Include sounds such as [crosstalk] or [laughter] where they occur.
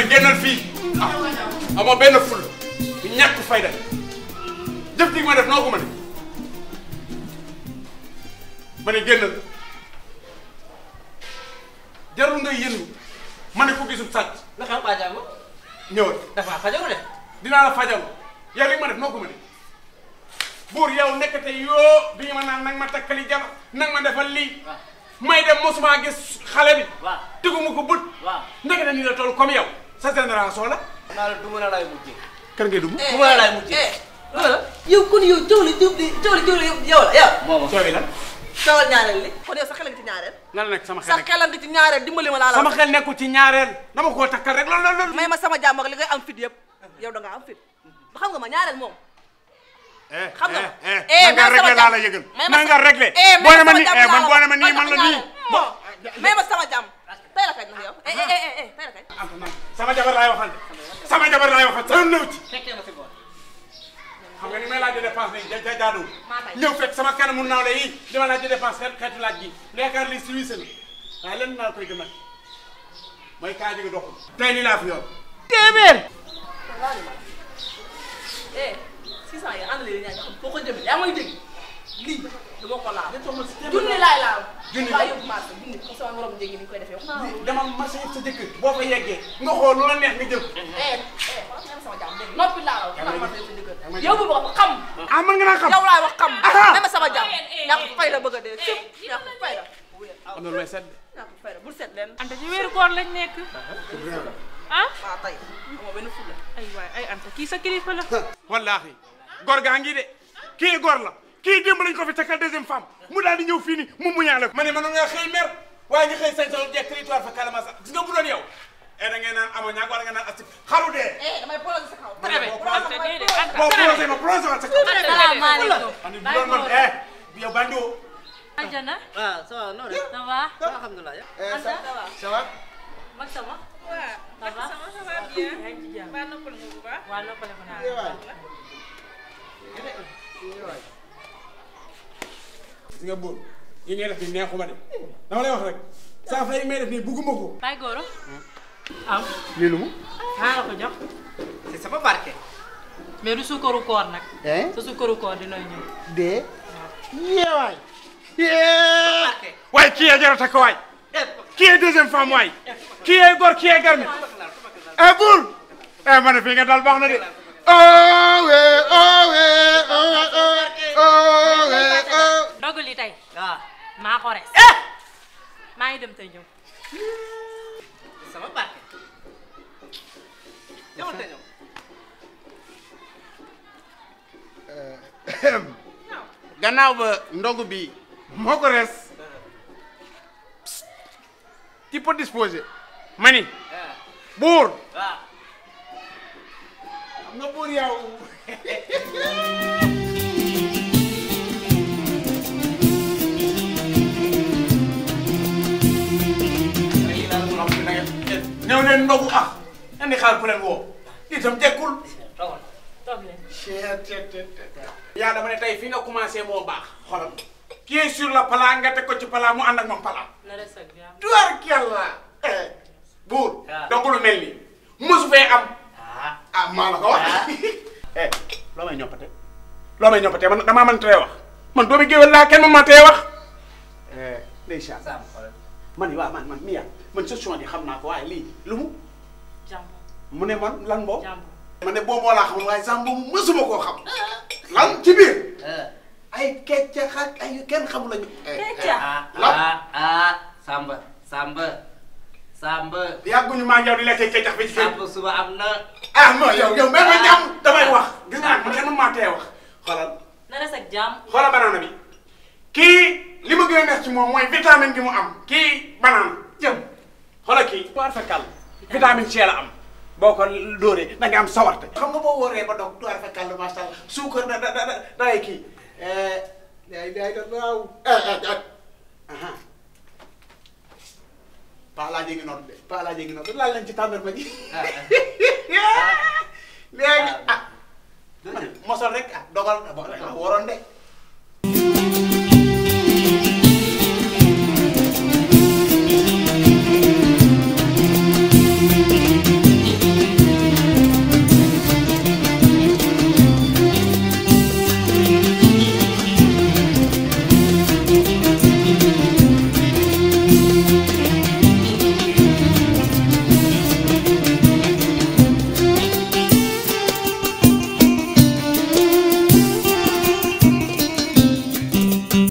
ne gennal ah, fi amo ben ful bu ñàkk fayda jëf gi ma def noo ko ma ne ma ne génnal jarul ngay yëngu mané ko gisub sat la xam ba jago ñewal dafa fajaru de. dina la fajaru ya li ma def noko mané bur yow nekkate yo bi ñu ma naan ma takali jaba nak ma defal li may dem musuma gis xale bi. waaw tegu ma ko la tol comme yow. sa génération la. naa la duma na laay mujjee. kan ngay dugg. duma na kon yow coow la jub bi coow la coow la yow la yow. moom coow yi li kon yow sa xel nga ci ñaareel. nan la nekk sama xel sa xel ci ñaareel dimbali ma laa la. sama xel nekkul ci ñaareel. dama koo takkal rek loolu loolu. ma sama jàmm ak li am fit yëpp yow da nga am fit ba xam nga ma ñaareel moom. xam nga ma nanga réglé laa la yëgal. nanga réglé. boo ne ma nii man boo ma nii man sama jàmm tey la kañ nag yow. eh eh eh tey la kañ. sama jabar laay waxal sama jabar laay waxal sama nëw ci. fekkee ma si boor. xam nga ni may laajee dépense bi ja jaaduwul. ñëw fekk sama kanamu nawle yi li ma laajee dépense xeet xeetu laaj gi yaakaar li si wiisal waaye lenn naa koy gëmal mooy kaa jóge doxul. tey lii laa fi yor. téeméer. eh 600 yi ànd leen ñaa xam boo ko jëmee yaa ngi dégg. lii dama ko laal. junni laay laal. junni laay yóbbu marché junni comme sama morom njëgi ni koy defee wax naa. dama marché yëpp sa dëkk boo fa yeggee nga xool lu la neex nga eh, eh, bu wax xam. ah mën nga naa xam yow laay wax xam. Ah, ah. même sama jàmm eh, ñàkk fay la bëgg a dee sëpp ñàkk fay la. am na lu may set. ñàkk fay la bul set leen. ante ci weeru koor lañ nekk. ah, ah waaw [laughs] de kii gor kii démb lañ ko fi takkal deuxième femme mu daal ñëw fii ni mu muñaale ko ma ne man nga xëy mer waaye nga xëy sañ sal jekk territoire fa kalamasa gis nga bu doon yow e da ngay naan amoon ñaag wala nga naan asib ma polose ma sa kaw salaamaaleykum doon man e yow bandoo ajana waaw ah, ça va non rek ça va alhamdulilah ça va ça va mag sama waaw sama ça va bien waa noppale nga bu baax waa noppale ko si nga buur yi ngay def nii neexuma de nii bugguma ko. Baye Goro. am lii lu kii yee jarata ko waay. Eh, kii yee deuxième femme waay. Eh, eh, kii yee góor kii yee garmi. eh buur. eh ma ne fii nga dal baax na de. oh oui oh oui. lii tey. waaw maa ko rees. maa ngi dem tey ñëw. sama barke. demal tey ñëw. gannaaw ba ndogu bi moo ko rees. tu disposer. ma ni. buur. waaw. xam nga [laughs] leen ndogu ah andi xaar ku leen woo itam tekkul. ya tawul Ya, yaa dama ne tey fi nga commencé moo baax xolam. kii sur la palaa nga teg ko ci palaa mu ànd ak eh, ya palaa. tuwaar yàlla. buur donc lu mel nii mosu am. Ya. ah maa la ko wax. eh lo may ñoppate Lo may ñoppate man damaa mën tee wax man doomi géwél laa kenn mën maa tee eh, wax. ndeysaan. man waaw man man Mia man gestion bi xam naa ko waaye lii lu mu. ne man lan boo. jàmbo ne booboo laa xam waaye jàmbo mu mësuma koo xam. lan ci biir. Eh. ay keccax ak ay kenn xamul lañu. Eh, eh. keccax ah, lan ah ah Samba Samba. Samba. yàgguñu maa yow di lekk keccax bi ci kër. Samba suba am na. ah non yow yow mel na ah. jàmm damay wax. gis nga man kenn maa tee wax xoolal. na des ak jàmm. xoolal banaana bi kii. li ma gën a neex ci moom mooy vitamine bi mu am kii banaan jëm xoolal kii tubarfakal vitamine C la am boo ko dóoree da nga am sawarte xam nga boo wóoree ba doog tubarfakal macha allah suukar da da da day kii day day da waaw eh, eh, eh. Paa laa jéggi noonu de Paa laa jéggi noonu laal ci tàndarma ji [laughs] ah, ah. léegi ah, ah. mosol dogal waroon de